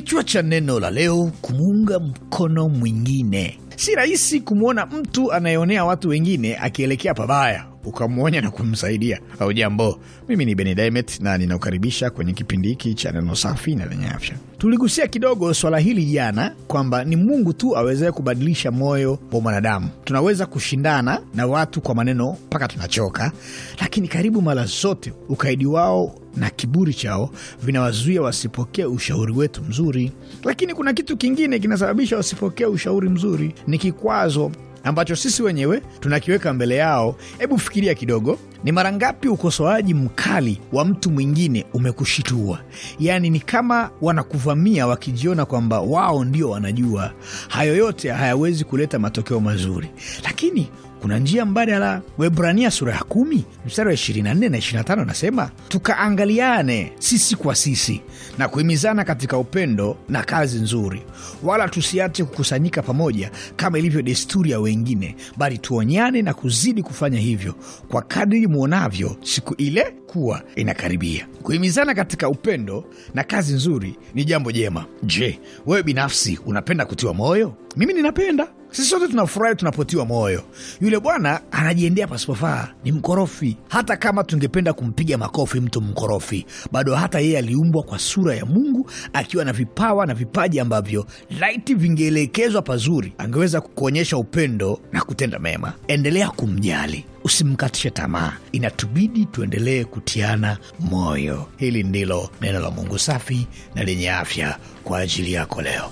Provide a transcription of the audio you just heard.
Kichwa cha neno la leo: kumuunga mkono mwingine. Si rahisi kumwona mtu anayeonea watu wengine akielekea pabaya ukamwonya na kumsaidia au jambo. Mimi ni Beni Dimet na ninakukaribisha kwenye kipindi hiki cha neno safi na lenye afya. Tuligusia kidogo swala hili jana kwamba ni Mungu tu awezee kubadilisha moyo wa mwanadamu. Tunaweza kushindana na watu kwa maneno mpaka tunachoka, lakini karibu mara zote ukaidi wao na kiburi chao vinawazuia wasipokee ushauri wetu mzuri. Lakini kuna kitu kingine kinasababisha wasipokee ushauri mzuri, ni kikwazo ambacho sisi wenyewe tunakiweka mbele yao. Hebu fikiria kidogo, ni mara ngapi ukosoaji mkali wa mtu mwingine umekushitua? Yaani ni kama wanakuvamia wakijiona kwamba wao ndio wanajua. Hayo yote hayawezi kuleta matokeo mazuri, lakini kuna njia mbadala. Waebrania sura ya kumi mstari wa 24 na 25 nasema, tukaangaliane sisi kwa sisi na kuhimizana katika upendo na kazi nzuri, wala tusiache kukusanyika pamoja kama ilivyo desturi ya wengine, bali tuonyane na kuzidi kufanya hivyo, kwa kadiri mwonavyo siku ile kuwa inakaribia. Kuhimizana katika upendo na kazi nzuri ni jambo jema. Je, wewe binafsi unapenda kutiwa moyo? Mimi ninapenda sisi sote tunafurahi tunapotiwa moyo. Yule bwana anajiendea pasipofaa, ni mkorofi. Hata kama tungependa kumpiga makofi mtu mkorofi, bado hata yeye aliumbwa kwa sura ya Mungu akiwa na vipawa na vipaji ambavyo laiti vingeelekezwa pazuri, angeweza kuonyesha upendo na kutenda mema. Endelea kumjali, usimkatishe tamaa. Inatubidi tuendelee kutiana moyo. Hili ndilo neno la Mungu safi na lenye afya kwa ajili yako leo.